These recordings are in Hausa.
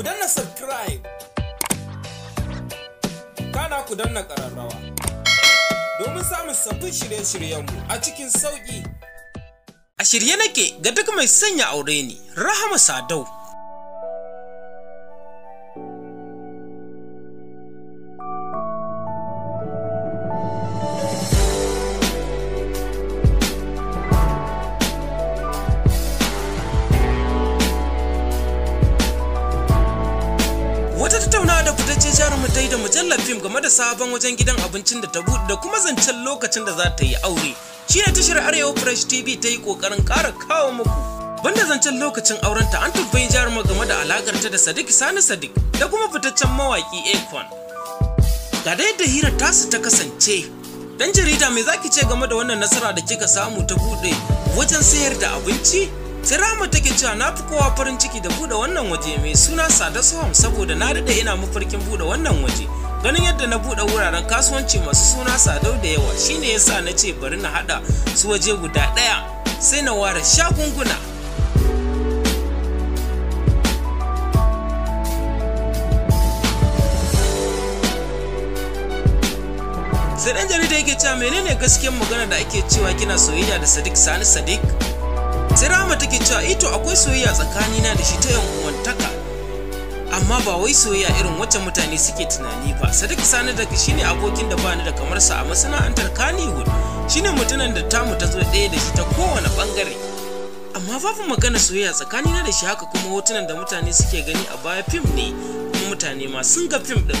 ku danna subscribe kana ku danna ƙararrawa domin samun sabbin shirye-shiryenmu a cikin sauƙi a shirye nake ga duk mai sanya aure ne rahama sadau mu ta yi da mujallar fim game da sabon wajen gidan abincin da ta buɗe da kuma zancen lokacin da za ta yi aure shi ne tashar arewa fresh tv ta yi kokarin ƙara kawo muku banda zancen lokacin aurenta an tambayi jarumar game da ta da sadiq sani sadiq da kuma fitaccen mawaki akon ga da yadda hirar tasu ta kasance dan jarida me zaki ce game da wannan nasara da kika samu ta buɗe wajen sayar da abinci Sirama take cewa na fi kowa farin ciki da buɗe wannan waje mai suna Sada Sohom saboda na daɗe ina mafarkin buɗe wannan waje. Ganin yadda na buɗe wuraren kasuwanci masu suna Sadau da yawa shine yasa na ce bari na haɗa su waje guda ɗaya sai na ware shagunguna. Sai ɗan jarida yake cewa menene gaskiyar magana da ake cewa kina soyayya da Sadiq Sani Sadiq? sai rama take cewa ito akwai soyayya tsakanina da shi ta yan uwantaka amma ba wai soyayya irin wacce mutane suke tunani ba sadiq sani daga shine abokin da bani da kamar sa a masana'antar kannywood shine mutunan da tamu ta zo ɗaya da shi ta kowane bangare amma babu magana soyayya tsakanina da shi haka kuma hotunan da mutane suke gani a baya fim ne kuma mutane ma sun ga fim din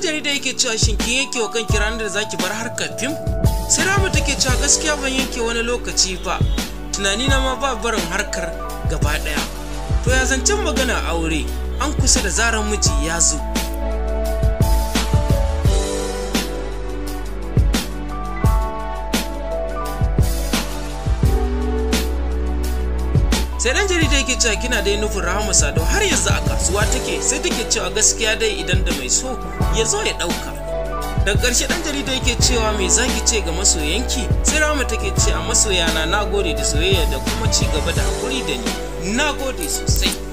jarida yake cewa shin kin yanke wa kanki ranar da zaki bar harkar fim sai ramu take cewa gaskiya ban yanke wani lokaci ba tunani na ma ba barin harkar gaba daya to ya zancen magana aure an kusa da zaran miji ya zo sai dan jarida yake cewa kina dai nufin rahama sadau har yanzu a kasuwa take sai take cewa gaskiya dai idan da mai so ya zo ya dauka daga karshe dan jarida yake cewa me zaki ce ga masoyanki sai rahama take ce a masoyana na gode da soyayya da kuma ci gaba da haƙuri da ni na gode sosai